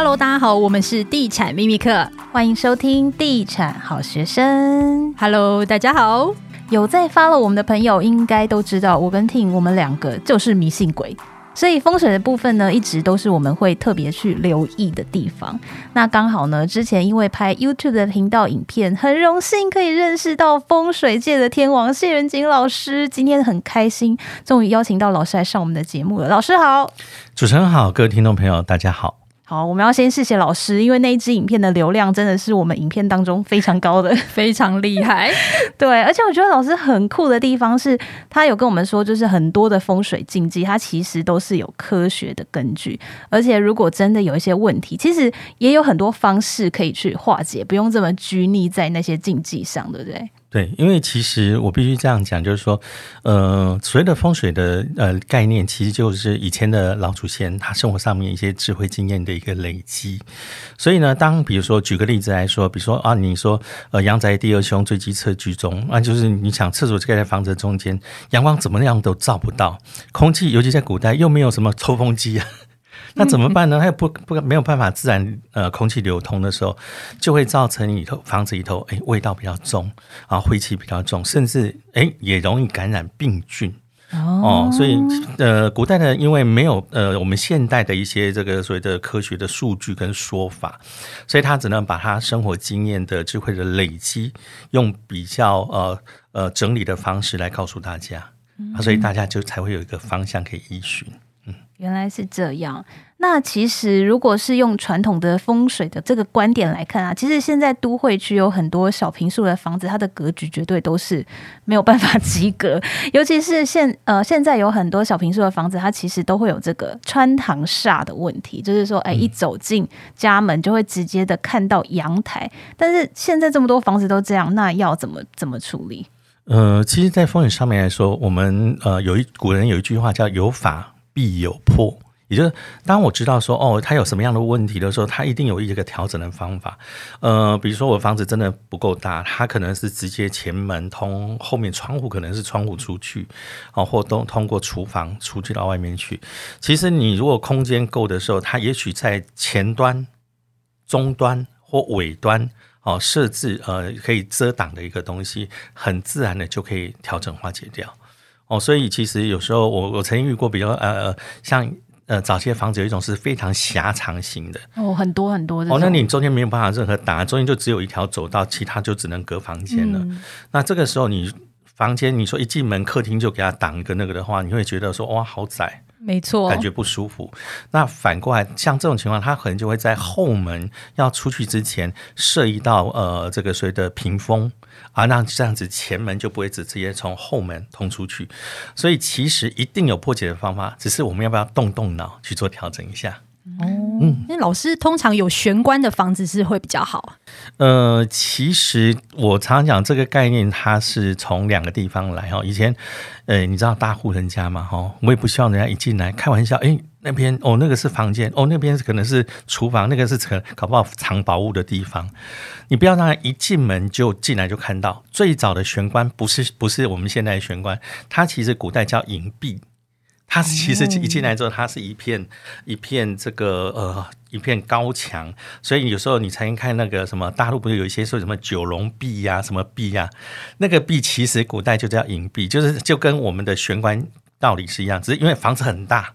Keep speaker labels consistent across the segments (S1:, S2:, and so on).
S1: Hello，大家好，我們是地產秘密客，歡迎收聽地產好學生。Hello，大家好，有
S2: 在 follow 我們的朋友應該都知道，我跟 Ting 我們兩個就是迷信鬼，所以風水的部分呢，一直都是我們會特別去留意的地方。那剛好呢，之前因為拍 YouTube 的頻道影片，很榮幸可以認識到風水界的天王謝沅瑾老師，今天很開心，終於邀請到老師來上我們的節目了。老師好，
S3: 主持人好，各位聽眾朋友，大家好。
S2: 好，我們要先謝謝老師，因為那支影片的流量真的是我們影片當中非常高的， 非常厲害。 對，而且我覺得老師很酷的地方是，他有跟我們說，就是很多的風水禁忌，它其實都是有科學的根據。而且，如果真的有一些問題，其實也有很多方式可以去化解，不用這麼拘泥在那些禁忌上，對不對？
S3: 對，因為其實我必須這樣講，就是說，呃，所謂的風水的呃概念，其實就是以前的老祖先他生活上面一些智慧經驗的一個累積。所以呢，當比如說舉個例子來說，比如說啊，你說呃陽宅第二凶最忌廁居中，那、啊、就是你想廁所這個在房子的中間，陽光怎麼樣都照不到，空氣，尤其在古代又沒有什麼抽風機、啊。那怎麼辦呢？它又不不沒有辦法自然呃空氣流通的時候，就會造成裡頭房子裡頭誒味道比較重，啊，晦氣比較重，甚至誒也容易感染病菌哦。所以呃古代呢，因為沒有呃我們現代的一些這個所謂的科學的數據跟說法，所以他只能把他生活經驗的智慧的累積，用比較呃呃整理的方式來告訴大家。啊，所以大家就才會有一個方向可以依循。
S2: 原來是這樣。那其實，如果是用傳統的風水的這個觀點來看啊，其實現在都會區有很多小坪數的房子，它的格局絕對都是沒有辦法及格。尤其是現呃，現在有很多小坪數的房子，它其實都會有這個穿堂煞的問題，就是說，哎，一走進家門就會直接的看到陽台，嗯。但是現在這麼多房子都這樣，那要怎麼怎麼處理？
S3: 呃，其實，在風水上面來說，我們呃，有一古人有一句話叫有法，必有破，也就是當我知道說哦，它有什麼樣的問題的時候，它一定有一個調整的方法。呃，比如說我房子真的不夠大，它可能是直接前門通後面窗戶，可能是窗戶出去，哦，或都通過廚房出去到外面去。其實你如果空間夠的時候，它也許在前端、中端或尾端哦，設置呃可以遮擋的一個東西，很自然的就可以調整化解掉。哦，所以其實有時候我我曾經遇過比較，比如呃像呃早期的房子有一種是非常狹長型的，
S2: 哦，很多很多的，哦，那你
S3: 中間沒有辦法任何擋，中間就只有一條走道，其他就只能隔房間了。嗯、那這個時候你房間，你說一進門客廳就給他擋一個那個的話，你會覺得說哇、哦、好窄，
S1: 沒錯，感覺
S3: 不舒服。那反過來像這種情況，他可能就會在後門要出去之前設一道呃這個所謂的屏風。啊，那這樣子前門就不會只直接從後門通出去，所以其實一定有破解的方法，只是我們要不要動動腦去做調整一下。
S1: 哦，嗯，那老師通常有玄關的房子是會比較好？
S3: 嗯、呃，其實我常講這個概念，它是從兩個地方來哈。以前，呃、欸，你知道大戶人家嘛？哈，我也不希望人家一進來，開玩笑，誒、欸，那邊哦，那個是房間，哦，那邊可能是廚房，那個是可搞不好藏寶物的地方。你不要讓他一進門就進來就看到。最早的玄關不是不是我們現在的玄關，它其實古代叫影壁。它其實一進來之後，它是一片一片這個呃一片高牆，所以有時候你才能看那個什麼大陸不是有一些說什麼九龍壁呀、啊、什麼壁呀、啊？那個壁其實古代就叫隱壁，就是就跟我們的玄關道理是一樣，只是因為房子很大，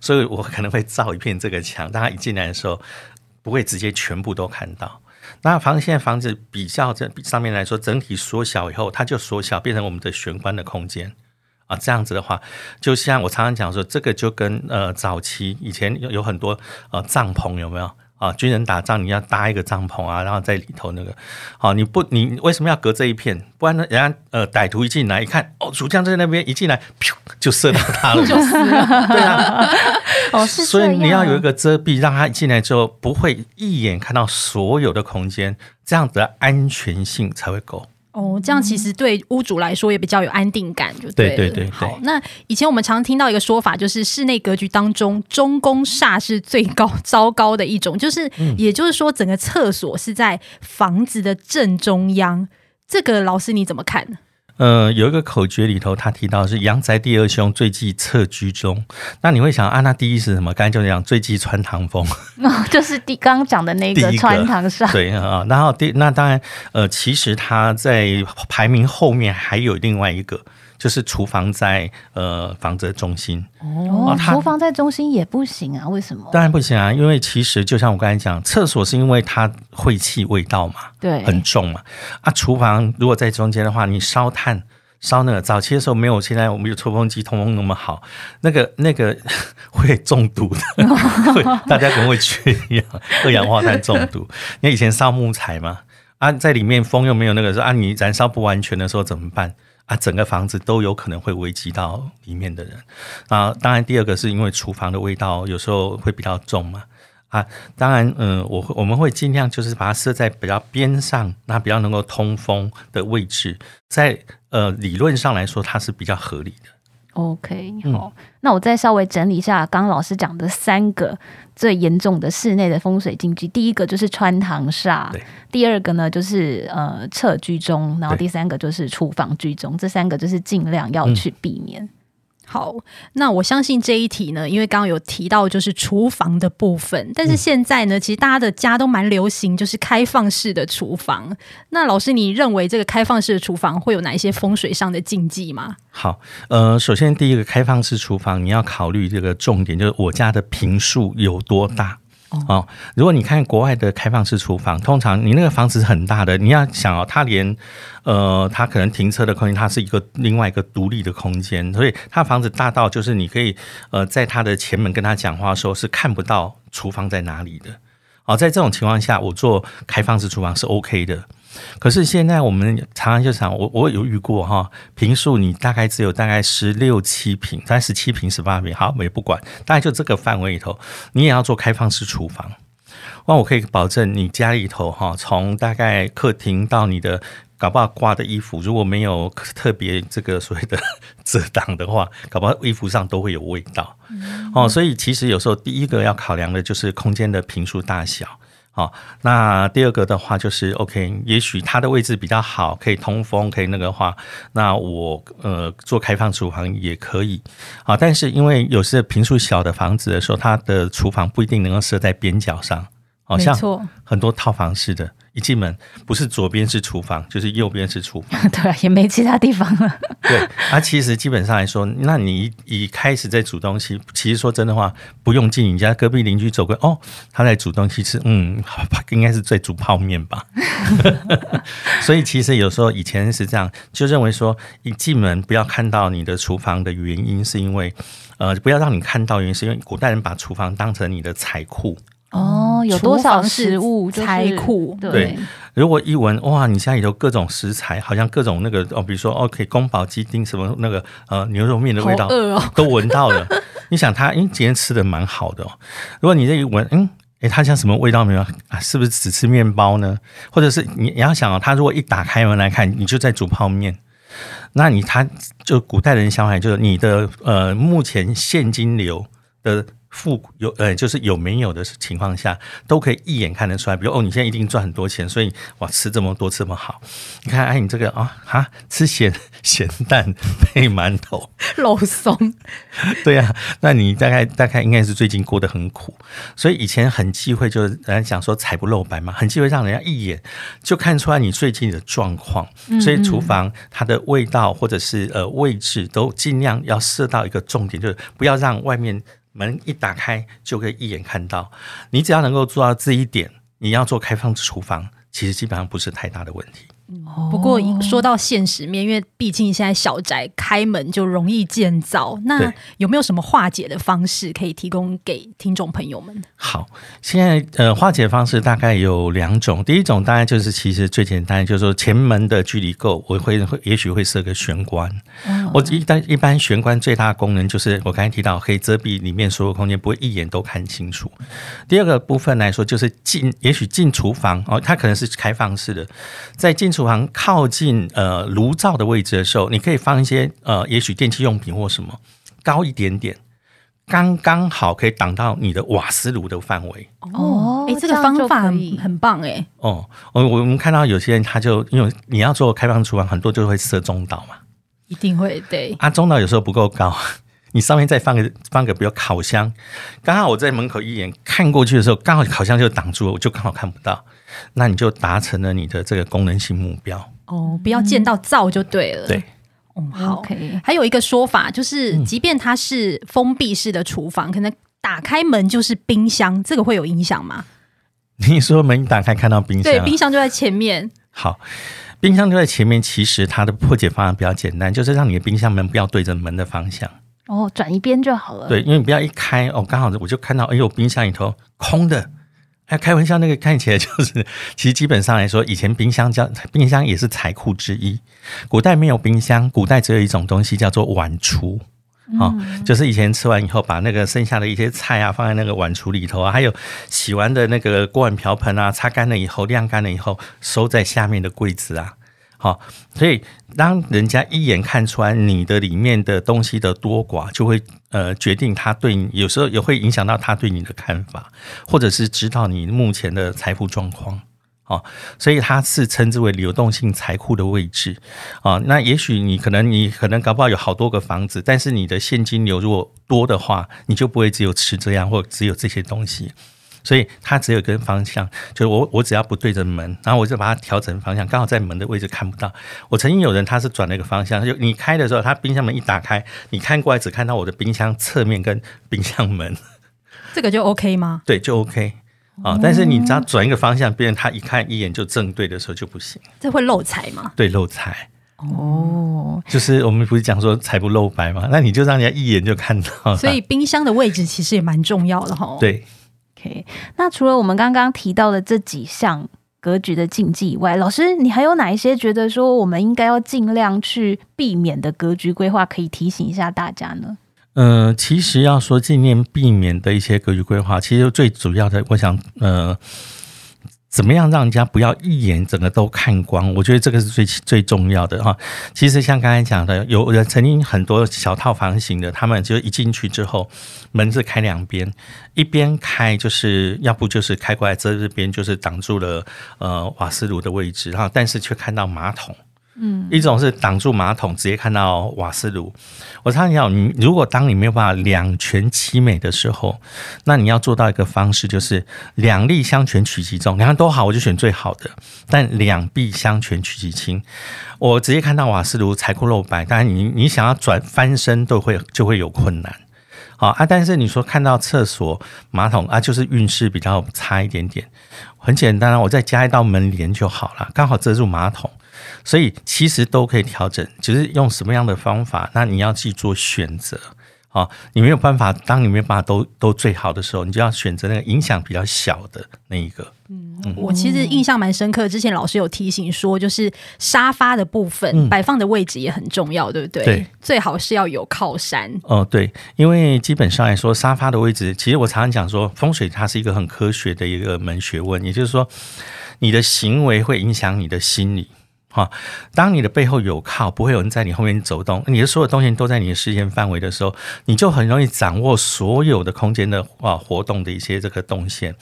S3: 所以我可能會造一片這個牆，大家一進來的時候不會直接全部都看到。那房現在房子比較這比上面來說整體縮小以後，它就縮小變成我們的玄關的空間。啊，這樣子的話，就像我常常講說，這個就跟呃早期以前有，有很多呃帳篷有沒有啊？軍人打仗你要搭一個帳篷啊，然後在裡頭那個啊，你不你為什麼要隔這一片？不然人家呃歹徒一進來一看，哦，主將在那邊一進來，啪，就射到他了， 就是，對啊， 哦是，所以你要有一個遮蔽，讓他一進來之後不會一眼看到所有的空間，這樣子的安全性才會夠。
S1: 哦，這樣其實對屋主來說也比較有安定感就，就對對，對對對。好，那以前我們常聽到一個說法，就是室內格局當中，中宮煞，是最高糟糕的一種，就是，嗯、也就是說，整個廁所是在房子的正中央，這個老師你怎麼看？
S3: 呃，有一個口訣裡頭，他提到是陽宅第二凶，最忌廁居中。那你會想啊，那第一是什麼？剛才就講最忌穿堂風，
S2: 哦，就是第剛剛講的那個穿堂煞。對
S3: 啊、哦，然後第那當然呃，其實他在排名後面還有另外一個。就是廚房在呃房子的中心
S2: 哦、啊，廚房在中心也不行啊？為什麼？當
S3: 然不行啊，因為其實就像我剛才講，廁所是因為它晦氣味道嘛，對，很重嘛。啊，廚房如果在中間的話，你燒炭燒那個早期的時候沒有現在我們有抽風機通風那麼好，那個那個會中毒的，哦、呵呵 會大家可能會缺氧，二氧化碳中毒。你 以前燒木材嘛，啊，在裡面風又沒有那個說啊，你燃燒不完全的時候怎麼辦？啊，整個房子都有可能會危及到裡面的人。啊，當然第二個是因為廚房的味道有時候會比較重嘛。啊，當然，嗯、呃，我會我們會盡量就是把它設在比較邊上，那比較能夠通風的位置，在呃理論上來說，它是比較合理的。
S2: OK，好，那我再稍微整理一下，剛老師講的三個最嚴重的室內的風水禁忌。第一個就是穿堂煞，第二個呢就是呃廁居中，然後第三個就是廚房居中，這三個就是盡量要去避免。嗯
S1: 好，那我相信這一題呢，因為剛剛有提到就是廚房的部分，但是現在呢，其實大家的家都蠻流行就是開放式的廚房。那老師，你認為這個開放式的廚房會有哪一些風水上的禁忌嗎？
S3: 好，呃，首先第一個，開放式廚房你要考慮這個重點就是我家的坪數有多大。嗯哦，哦，如果你看國外的開放式廚房，通常你那個房子是很大的，你要想哦，它連呃，它可能停車的空間，它是一個另外一個獨立的空間，所以它房子大到就是你可以呃，在它的前門跟他講話的時候是看不到廚房在哪裡的。哦，在這種情況下，我做開放式廚房是 OK 的。可是現在我們常常就想，我我有遇過哈，平數你大概只有大概十六七平，三十七平，十八平，好，也不管，大概就這個範圍裡頭，你也要做開放式廚房。那我可以保證，你家裡頭哈，從大概客廳到你的搞不好掛的衣服，如果沒有特別這個所謂的遮擋的話，搞不好衣服上都會有味道。哦、嗯嗯，所以其實有時候第一個要考量的就是空間的平數大小。好，那第二個的話就是，OK，也許它的位置比較好，可以通風，可以那個的話，那我呃做開放廚房也可以。好，但是因為有些坪數小的房子的時候，它的廚房不一定能夠設在邊角上，好像很多套房似的。一進門，不是左邊是廚房，就是右邊是廚
S2: 房。對啊，也沒其他地方了，
S3: 對。對、啊、他其實基本上來說，那你一開始在煮東西，其實說真的話，不用進你家隔壁鄰居走過哦，他在煮東西吃，嗯，應該是在煮泡麵吧。 所以其實有時候以前是這樣，就認為說一進門不要看到你的廚房的原因，是因為呃，不要讓你看到原因，是因為古代人把廚房當成你的財庫。
S1: 哦，有多少食物就是財庫。對，
S3: 如果一聞哇，你家裡頭各種食材，好像各種那個哦，比如說可以宮保雞丁什麼那個呃牛肉麵的味道，哦、都聞到了。 你想他，因為今天吃的蠻好的哦。如果你這一聞，嗯，哎、欸，他像什麼味道沒有啊？是不是只吃麵包呢？或者是你你要想哦，他如果一打開門來看，你就在煮泡麵，那你他就古代人想法，就是你的呃目前現金流的。有呃，就是有沒有的情況下，都可以一眼看得出來。比如哦，你現在一定賺很多錢，所以哇，吃這麼多這麼好。你看，哎，你這個啊啊、哦，吃鹹鹹蛋配饅頭，
S1: 肉鬆，
S3: 對啊。那你大概大概應該是最近過得很苦，所以以前很忌諱，就是人家講說，財不露白嘛，很忌諱讓人家一眼就看出來你最近的狀況。所以廚房它的味道或者是呃位置都盡量要設到一個重點，就是不要讓外面。門一打開就可以一眼看到，你只要能夠做到這一點，你要做開放式廚房，其實基本上不是太大的問題。
S1: 嗯、不過說到現實面，因為畢竟現在小宅開門就容易見灶。那有沒有什麼化解的方式可以提供給聽眾朋友們？
S3: 好，現在呃化解方式大概有兩種，第一種大概就是其實最簡單，就是說前門的距離夠，我會會也許會設個玄關。嗯、我一般一般玄關最大的功能就是我剛才提到可以遮蔽裡面所有空間，不會一眼都看清楚。第二個部分來說就是進，也許進廚房哦，它可能是開放式的，在進。廚房靠近呃爐灶的位置的時候，你可以放一些呃，也許電器用品或什麼，高一點點，剛剛好可以擋到你的瓦斯爐的範圍。
S1: 哦，哎，這個方法很棒耶。
S3: 哦，我我們看到有些人他就因為你要做開放廚房，很多就會設中島嘛，
S1: 一定會，對
S3: 啊。中島有時候不夠高，你上面再放個放個比如烤箱，剛好我在門口一眼看過去的時候，剛好烤箱就擋住了，我就剛好看不到。那你就達成了你的這個功能性目標，
S1: 哦，不要見到灶就對了。嗯、對，哦，好、okay。還有一個說法就是，即便它是封閉式的廚房、嗯，可能打開門就是冰箱，這個會有影響嗎？
S3: 你說門打開看到冰箱，對，冰
S1: 箱就在前面。
S3: 好，冰箱就在前面，其實它的破解方案比較簡單，就是讓你的冰箱門不要對着門的方向。
S1: 哦，轉一邊就好了。對，
S3: 因為你不要一開哦，剛好我就看到，哎呦，冰箱裡頭空的。還開玩笑，那個看起來就是，其實基本上來說，以前冰箱叫冰箱也是財庫之一。古代沒有冰箱，古代只有一種東西叫做碗櫥啊，嗯，哦，就是以前吃完以後，把那個剩下的一些菜啊，放在那個碗櫥裡頭啊，還有洗完的那個鍋碗瓢盆啊，擦乾了以後晾乾了以後，收在下面的櫃子啊。啊，所以當人家一眼看穿你的裡面的東西的多寡，就會呃、決定他對你。有時候也會影響到他對你的看法，或者是知道你目前的財富狀況。啊，所以它是稱之為流動性財庫的位置。啊，那也許你可能你可能搞不好有好多個房子，但是你的現金流如果多的話，你就不會只有持這樣或只有這些東西。所以它只有一個方向，就是我我只要不對着門，然後我就把它調整方向，剛好在門的位置看不到。我曾經有人他是轉了一個方向，就你開的時候，他冰箱門一打開，你看過來只看到我的冰箱側面跟冰箱門。
S1: 這個就 OK 嗎？
S3: 對，就 OK 啊。哦。但是你只要轉一個方向，別人他一看一眼就正對的時候就不行。
S1: 這會漏財嗎？
S3: 對，漏財哦。就是我們不是講說財不露白嗎？那你就讓人家一眼就看到。所
S1: 以冰箱的位置其實也蠻重要的哈。對。那除了我們剛剛提到的這幾項格局的
S2: 禁忌以外，老師，你還有哪一些覺得說我們應該要盡量去避免的格局規劃，可以提醒一下大家呢？嗯、呃，
S3: 其實要說盡量避免的一些格局規劃，其實最主要的，我想，呃、嗯。怎麼樣讓人家不要一眼整個都看光？我覺得這個是最最重要的哈。其實像剛才講的，有人曾經很多小套房型的，他們就一進去之後，門是開兩邊，一邊開就是要不就是開過來遮這邊，就是擋住了呃瓦斯爐的位置，哈，但是卻看到馬桶。嗯，一種是擋住馬桶，直接看到瓦斯爐。我常常講，你如果當你沒有辦法兩全其美的時候，那你要做到一個方式，就是兩利相權取其重，兩個都好，我就選最好的。但兩弊相權取其輕，我直接看到瓦斯爐財庫露白，當然你你想要轉翻身都會就會有困難。好啊，但是你說看到廁所馬桶啊，就是運勢比較差一點點。很簡單啊，我再加一道門簾就好了，剛好遮住馬桶。所以其實都可以調整，就是用什麼樣的方法，那你要去做選擇好、哦，你沒有辦法，當你沒有辦法都都最好的時候，你就要選擇那個影響比較小的那一個。嗯，我其實
S1: 印象蠻深刻，之前老師有提醒說，就是沙發的部分、嗯、擺放的位置也很重要，對不對？對，最好是要有靠山。
S3: 哦，對，因為基本上來說，沙發的位置，其實我常常講說，風水它是一個很科學的一個門學問，也就是說，你的行為會影響你的心理。啊，當你的背後有靠，不會有人在你後面走動，你的所有東西都在你的視線範圍的時候，你就很容易掌握所有的空間的啊活動的一些這個動線。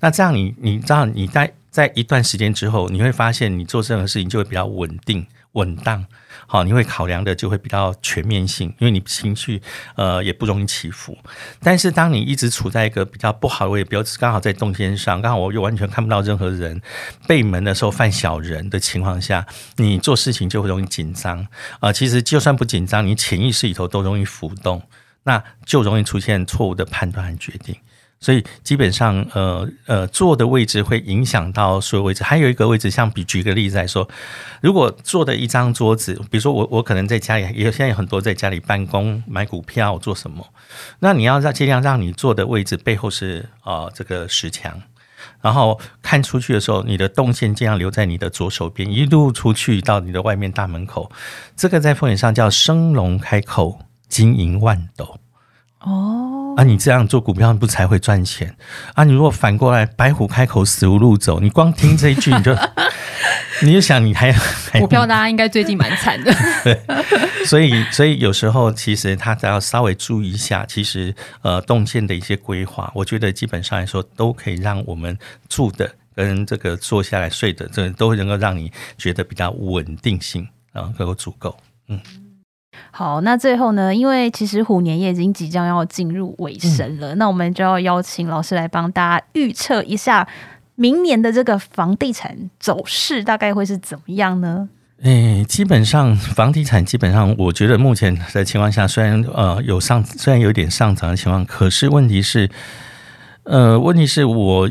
S3: 那這樣你，你知道你在在一段時間之後，你會發現你做任何事情就會比較穩定、穩當。好，你會考量的就會比較全面性，因為你情緒呃也不容易起伏。但是當你一直處在一個比較不好的位置，比如剛好在動線上，剛好我又完全看不到任何人背門的時候，犯小人的情況下，你做事情就會容易緊張啊。其實就算不緊張，你潛意識裡頭都容易浮動，那就容易出現錯誤的判斷和決定。所以基本上，呃呃，坐的位置會影響到所有位置。還有一個位置，像比舉個例子來說，如果坐的一張桌子，比如說我我可能在家裡，也現在有很多在家裡辦公、買股票、做什麼，那你要讓盡量讓你坐的位置背後是啊、呃、這個石牆，然後看出去的時候，你的動線盡量留在你的左手邊，一路出去到你的外面大門口。這個在風水上叫生龍開口，金銀萬斗。哦。啊，你這樣做股票不才會賺錢？啊，你如果反過來，白虎開口死無路走，你光聽這一句，你就 你就想你還要股
S1: 票，大家應該最近蠻慘的。 對，
S3: 所以所以有時候其實他只要稍微注意一下，其實呃，動線的一些規劃，我覺得基本上來說都可以讓我們住的跟這個坐下來睡的這個都能夠讓你覺得比較穩定性，然後夠足夠，嗯。
S2: 好，那最後呢？因為其實虎年也已經即將要進入尾聲了、嗯，那我們就要邀請老師來幫大家預測一下明年的這個房地產走勢大概會是怎麼樣呢？誒、
S3: 哎，基本上房地產，基本上我覺得目前的情況下，雖然呃有上，雖然有點上漲的情況，可是問題是，呃，問題是我。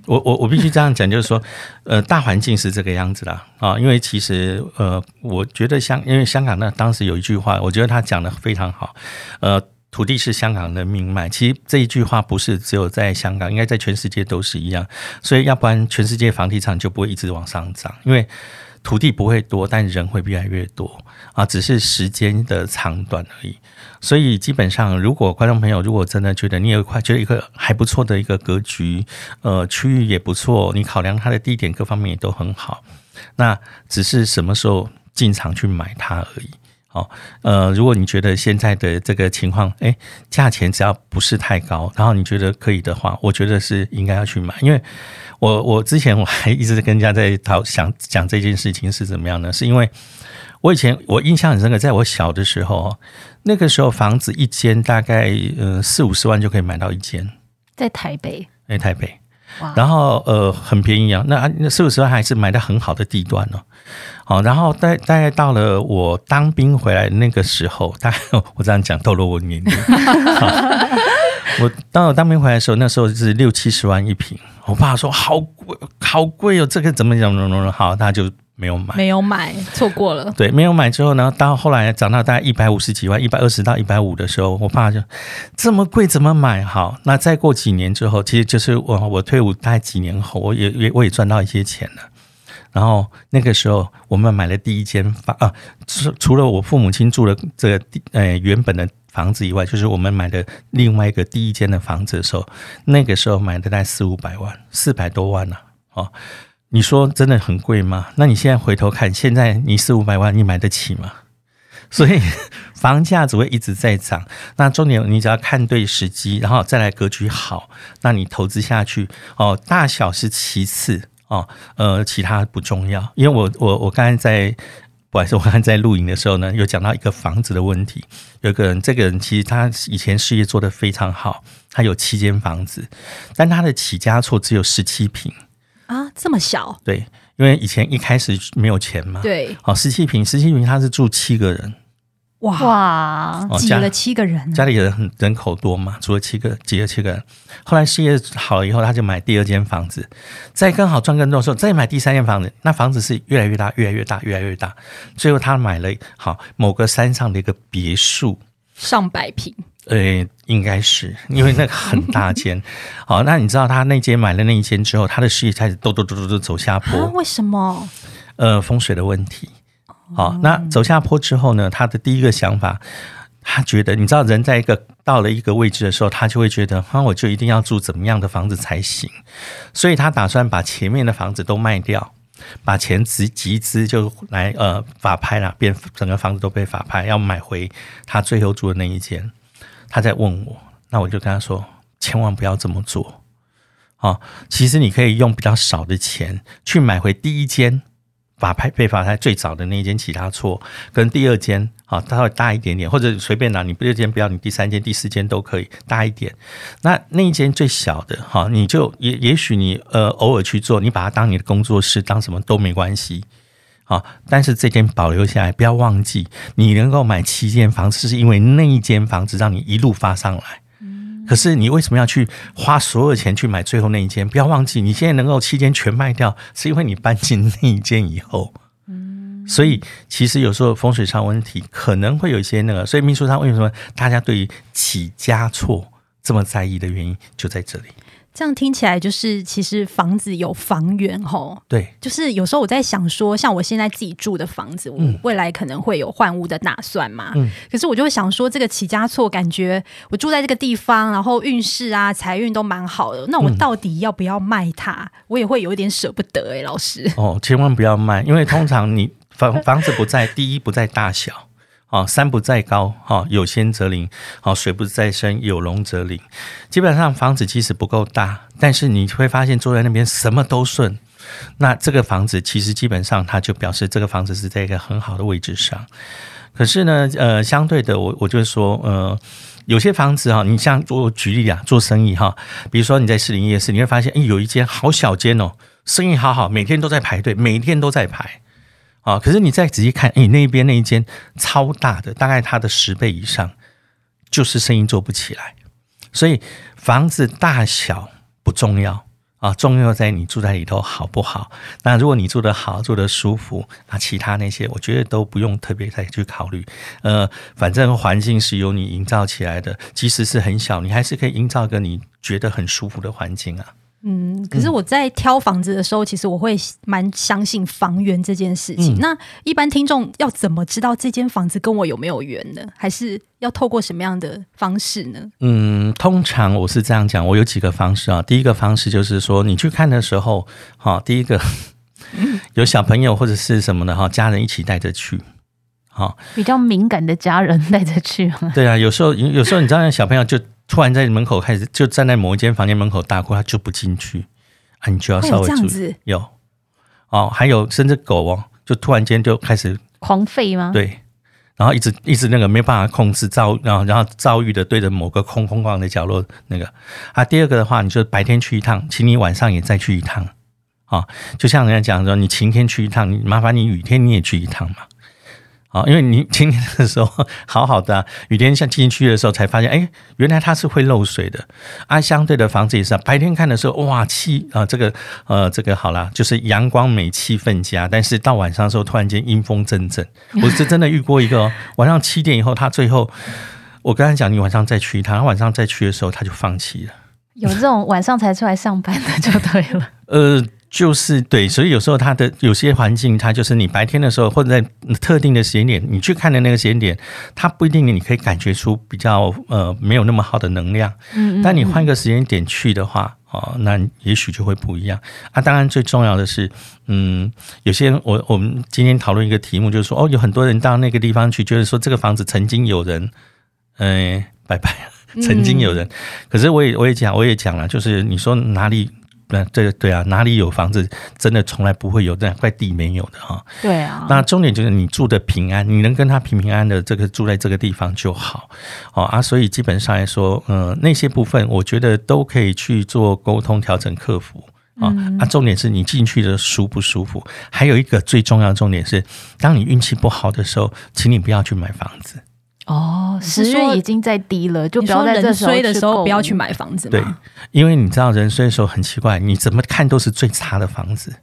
S3: 我我我我必須這樣講，就是說，呃，大環境是這個樣子啦，啊，因為其實，呃，我覺得香，因為香港那當時有一句話，我覺得他講的非常好，呃，土地是香港的命脈，其實這一句話不是只有在香港，應該在全世界都是一樣，所以要不然全世界房地產就不會一直往上漲，因為土地不會多，但人會越來越多。啊，只是時間的長短而已。所以基本上，如果觀眾朋友如果真的覺得你也快覺得一個還不錯的一個格局，呃，區域也不錯，你考量它的地點各方面也都很好，那只是什麼時候進場去買它而已。好，呃，如果你覺得現在的這個情況，誒，價錢只要不是太高，然後你覺得可以的話，我覺得是應該要去買。因為，我我之前我還一直跟人家在討想講這件事情是怎麼樣呢？是因為。我以前我印象很深刻，在我小的時候，那個時候房子一間大概呃四五十萬就可以買到一間，
S2: 在台北，
S3: 在台北，然後呃很便宜啊，那那四五十萬還是買得很好的地段呢、啊。好，然後大概大概到了我當兵回來那個時候，大概我這樣講透露我年齡， 我當我當兵回來的時候，那時候就是六七十萬一坪，我爸說好貴好貴哦。這個怎麼怎麼怎麼好，他就。沒有買，
S1: 沒有買，錯過了。
S3: 對，沒有買之後呢，到後來漲到大概一百五十幾萬，一百二十到一百五的時候，我爸就這麼貴怎麼買？好，那再過幾年之後，其實就是我我退伍大概幾年後，我也也我也賺到一些錢了。然後那個時候我們買了第一間房啊，除除了我父母親住的這個呃原本的房子以外，就是我們買的另外一個第一間的房子的時候，那個時候買的在四五百萬，四百多萬呢、啊，哦。你說真的很貴嗎？那你現在回頭看，現在你四五百萬，你買得起嗎？所以房價只會一直在漲。那重點，你只要看對時機，然後再來格局好，那你投資下去哦。大小是其次哦，呃，其他不重要。因為我我我剛才在，不好意思，我剛才在錄影的時候呢，有講到一個房子的問題。有個人，這個人其實他以前事業做得非常好，他有七間房子，但他的起家厝只有十七坪。
S1: 啊，這麼小？
S3: 對，因為以前一開始沒有錢嘛。對，哦，十七平，十七平他是住七個人。
S1: 哇，哦，擠了七個人。家，家
S3: 裡人很人口多嘛，住了七個，擠了七個人。後來事業好了以後，他就買第二間房子，再剛好賺更多的時候再買第三間房子。那房子是越來越大，越來越大，越來越大。最後他買了好某個山上的一個別墅，
S1: 上百平。
S3: 呃、欸，應該是因為那個很大間。 好，那你知道他那間買了那一間之後，他的事業開始抖抖抖抖走下坡。為什麼？呃，風水的問題。好，那走下坡之後呢？他的第一個想法，他覺得你知道人在一個到了一個位置的時候，他就會覺得，哈，我就一定要住怎麼樣的房子才行。所以他打算把前面的房子都賣掉，把錢集集資就來呃法拍了，變整個房子都被法拍，要買回他最後住的那一間。他在問我，那我就跟他說，千萬不要這麼做，啊，其實你可以用比較少的錢去買回第一間，法拍被法拍最早的那一間，其他錯跟第二間，啊，它會大一點點，或者隨便拿你第二間不要，你第三間、第四間都可以大一點，那那一間最小的，哈，你就也也許你呃偶爾去做，你把它當你的工作室，當什麼都沒關係。啊！但是這間保留下來，不要忘記，你能夠買七間房子，是因為那一間房子讓你一路發上來。可是你為什麼要去花所有錢去買最後那一間？不要忘記，你現在能夠七間全賣掉，是因為你搬進那一間以後、嗯。所以其實有時候風水上問題可能會有一些那個，所以民俗上為什麼大家對於起家厝這麼在意的原因就在這裡。
S1: 這樣聽起來就是，其實房子有房源吼。對，就是有時候我在想說，像我現在自己住的房子，我未來可能會有換屋的打算嘛。嗯，可是我就會想說，這個起家厝感覺我住在這個地方，然後運勢啊、財運都蠻好的，那我到底要不要賣它？嗯、我也會有一點捨不得哎、欸，老師。哦，
S3: 千萬不要賣，因為通常你房房子不在 第一不在大小。啊，山不在高，啊有仙則靈，啊，水不在深，有龍則靈。基本上房子即使不夠大，但是你會發現坐在那邊什麼都順。那這個房子其實基本上它就表示這個房子是在一個很好的位置上。可是呢，呃，相對的我，我我就說，呃，有些房子哈，你像我舉例啊，做生意哈，比如說你在士林夜市，你會發現，哎、欸，有一間好小間哦、喔，生意好好，每天都在排隊，每天都在排。啊！可是你再仔細看，哎，那邊那一間超大的，大概它的十倍以上，就是生意做不起來。所以房子大小不重要啊，重要在你住在裡頭好不好？那如果你住得好，住得舒服，那其他那些我覺得都不用特別再去考慮。呃，反正環境是由你營造起來的，即使是很小，你還是可以營造個你覺得很舒服的環境啊。
S1: 嗯，可是我在挑房子的時候，嗯、其實我會蠻相信房源這件事情。嗯、那一般聽眾要怎麼知道這間房子跟我有沒有緣呢？還是要透過什麼樣的方式呢？嗯，
S3: 通常我是這樣講，我有幾個方式啊。第一個方式就是說，你去看的時候，哈，第一個、
S1: 嗯、
S3: 有小朋友或者是什麼的哈，家人一起帶着去。好、
S2: 哦，比較敏感的家人帶着去嗎？
S3: 對啊，有時候有有時候你知道，小朋友就突然在門口開始，就站在某一間房間門口大哭，他就不進去，啊，你就要稍微注意。會這樣子？有啊、哦，還有甚至狗哦，就突然間就開始
S2: 狂吠嗎？對，
S3: 然後一直一直那個沒辦法控制遭，然後然後遭遇的對着某個空空曠的角落那個啊。第二個的話，你就白天去一趟，請你晚上也再去一趟啊、哦。就像人家講說，你晴天去一趟，你麻煩你雨天你也去一趟嘛。啊，因為你今天的時候好好的、啊，雨天下進去的時候才發現，哎，原來它是會漏水的啊。相對的房子也是、啊，白天看的時候，哇，氣啊、呃，這個呃，這個好啦，就是陽光美，氣氛佳。但是到晚上的時候，突然間陰風陣陣。我是真的遇過一個、哦、 晚上七點以後，他最後我跟他講，你晚上再去一趟，晚上再去的時候他就放棄了。
S2: 有這種晚上才出來上班的，就對
S3: 了。 呃。就是對，所以有時候它的有些環境，它就是你白天的時候，或者在特定的時間點，你去看的那個時間點，它不一定你可以感覺出比較呃沒有那麼好的能量。嗯，嗯，嗯，但你換個時間點去的話，哦，那也許就會不一樣。啊，當然最重要的是，嗯，有些人我我們今天討論一個題目，就是說，哦，有很多人到那個地方去，就是說這個房子曾經有人，呃、哎，拜拜，曾經有人。嗯、可是我也我也講我也講了，就是你說哪裡。那這個對啊，哪裡有房子，真的從來不會有那塊地沒有的哈。對啊，那重點就是你住的平安，你能跟他平平安的這個住在這個地方就好。啊，所以基本上來說，嗯、呃，那些部分我覺得都可以去做溝通、調整、克服啊。重點是你進去的舒不舒服，嗯、還有一個最重要重點是，當你運氣不好的時候，請你不要去買房子。
S1: 哦，十月已經在低了，就不要在這衰的時候不要去買房子。對，
S3: 因為你知道人衰的時候很奇怪，你怎麼看都是最差的房子。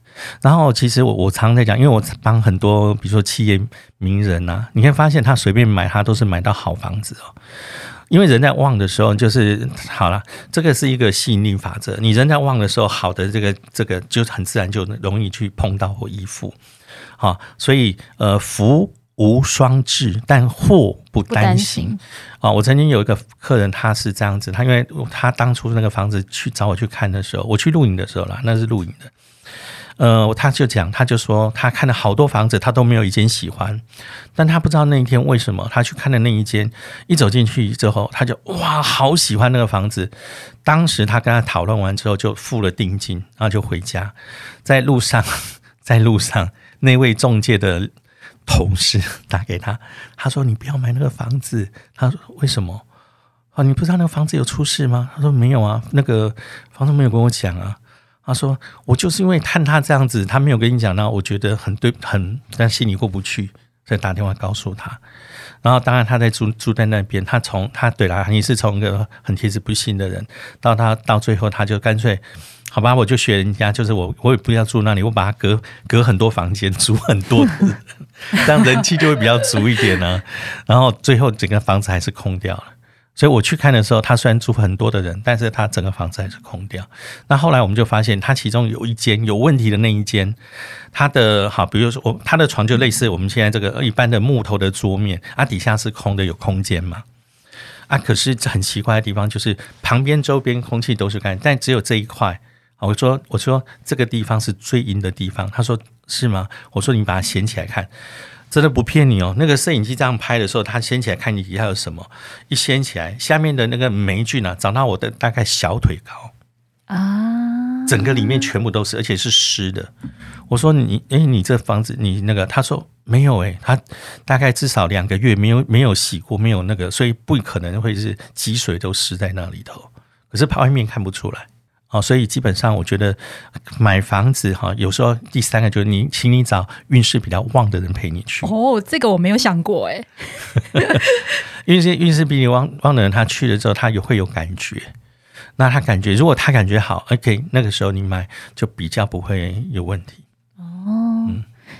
S3: 然後其實我我常在講，因為我幫很多比如說企業名人啊，你會發現他隨便買，他都是買到好房子哦。因為人在旺的時候就是好了，這個是一個吸引力法則。你人在旺的時候，好的這個這個就很自然就容易去碰到或依附。好、哦，所以呃福。服無雙至，但禍不單行啊！我曾經有一個客人，他是這樣子，他因為他當初那個房子去找我去看的時候，我去錄影的時候啦，那是錄影的，呃，他就講，他就說他看了好多房子，他都沒有一間喜歡，但他不知道那一天為什麼他去看了那一間，一走進去之後，他就哇，好喜歡那個房子。當時他跟他討論完之後，就付了定金，然後就回家，在路上，在路上 那位仲介的。同事打給他，他說：“你不要買那個房子。”他說：“為什麼？啊，你不知道那個房子有出事嗎？”他說：“沒有啊，那個房東沒有跟我講啊。”他說：“我就是因為看他這樣子，他沒有跟你講，那我覺得很對，很擔心你過不去。”再打電話告訴他，然後當然他在住住在那邊，他從他對他你是從一個很鐵齒不信的人，到他到最後他就乾脆好吧，我就學人家，就是我我也不要住那裡，我把它隔隔很多房間，租很多， 這樣人氣就會比較足一點呢、啊。然後最後整個房子還是空掉了。所以我去看的時候，他雖然住很多的人，但是他整個房子還是空掉。那後來我們就發現，他其中有一間有問題的那一間，他的好，比如說我他的床就類似我們現在這個一般的木頭的桌面，啊底下是空的，有空間嘛。啊，可是很奇怪的地方就是旁邊周邊空氣都是乾，但只有這一塊。我說我說這個地方是最陰的地方。他說是嗎？我說你把它掀起來看。真的不騙你哦，那個攝影機這樣拍的時候，他掀起來看你底下有什麼，一掀起來，下面的那個霉菌呢、啊，長到我的大概小腿高啊，整個裡面全部都是，而且是濕的。我說你，哎、欸，你這房子你那個，他說沒有誒、欸，他大概至少兩個月沒有沒有洗過，沒有那個，所以不可能會是積水都濕在那裡頭，可是拍外面看不出來。哦，所以基本上我覺得買房子哈，有時候第三個就是你請你找運勢比較旺的人陪你去。
S1: 哦，這個我沒有想過誒。
S3: 因為這運勢比你旺旺的人，他去了之後，他也會有感覺。那他感覺，如果他感覺好，OK，那個時候你買就比較不會有問題。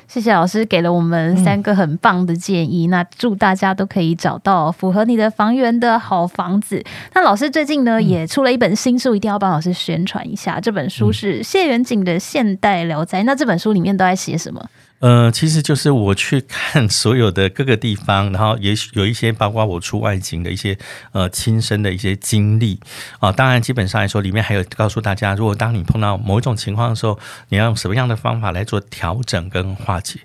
S2: 謝謝老師給了我們三個很棒的建議，嗯，那祝大家都可以找到符合你的房源的好房子。那老師最近呢，嗯、也出了一本新書，一定要幫老師宣傳一下。這本書是謝遠景的《現代聊齋》嗯，那這本書裡面都在寫什麼？
S3: 呃，其實就是我去看所有的各個地方，然後也有有一些，包括我出外景的一些呃親身的一些經歷啊。當然，基本上來說，裡面還有告訴大家，如果當你碰到某一種情況的時候，你要用什麼樣的方法來做調整跟化解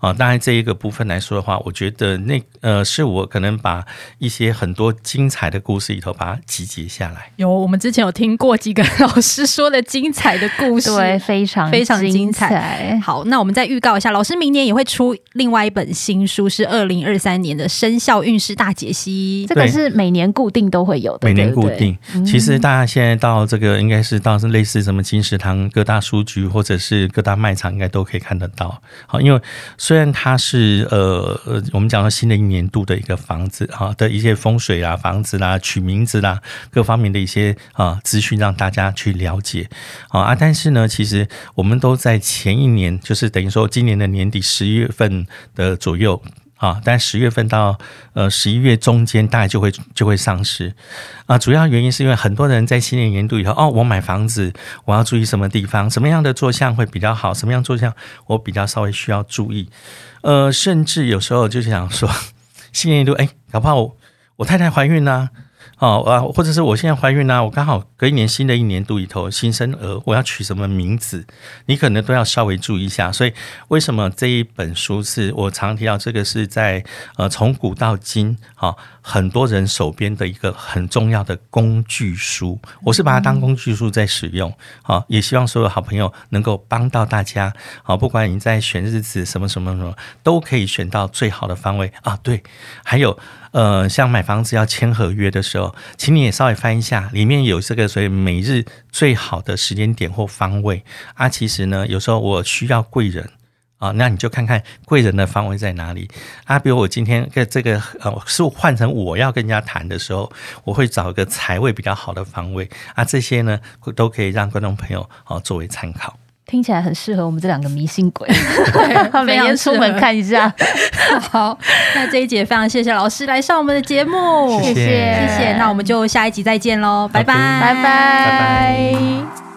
S3: 啊。當然，這一個部分來說的話，我覺得那呃是我可能把一些很多精彩的故事裡頭把它集結下來。
S1: 有，我們之前有聽過幾個老師說的精彩的故事，對，非常非常精彩。好，那我們再預告一下老師。老師明年也會出另外一本新書，是二零二三年的生肖運勢大解析。這個是每年固定都會有的，每年固定。
S3: 嗯、其實大家現在到這個應該是到是類似什麼金石堂、各大書局或者是各大賣場，應該都可以看得到。好，因為雖然它是呃我們講到新的一年度的一個房子啊的一些風水啊、房子啦、取名字啦各方面的一些啊資訊，讓大家去了解啊，但是呢，其實我們都在前一年，就是等於說今年的。年底十一月份的左右啊，但十月份到呃十一月中間大概就會就會上市啊。主要原因是因為很多人在新年年度以後，哦，我買房子，我要注意什麼地方，什麼樣的坐向會比較好，什麼樣坐向我比較稍微需要注意。呃，甚至有時候就是想說新年年度，哎、欸，搞不好我我太太懷孕呢、啊。哦，啊，或者是我現在懷孕啦，啊。我剛好隔一年新的一年度裡頭，新生兒，我要取什麼名字，你可能都要稍微注意一下。所以，為什麼這一本書是我常提到？這個是在呃，從古到今，哦很多人手邊的一個很重要的工具書，我是把它當工具書在使用啊。也希望所有好朋友能夠幫到大家啊，不管你在選日子什麼什麼什麼，都可以選到最好的方位啊。對，還有呃，像買房子要簽合約的時候，請你也稍微翻一下，裡面有這個，所謂每日最好的時間點或方位啊。其實呢，有時候我需要貴人。啊、哦，那你就看看貴人的方位在哪裡啊？比如我今天跟這個呃，是、哦、換成我要跟人家談的時候，我會找一個財位比較好的方位啊。這些呢，都可以讓觀眾朋友、哦、作為參考。
S2: 聽起來很適合我們這兩個迷信鬼，
S1: 每年 出門看一下。 好，那這一集也非常謝謝老師來上我們的節目，謝謝謝謝。那我們就下一集再見嘍，拜拜拜拜。Bye bye bye bye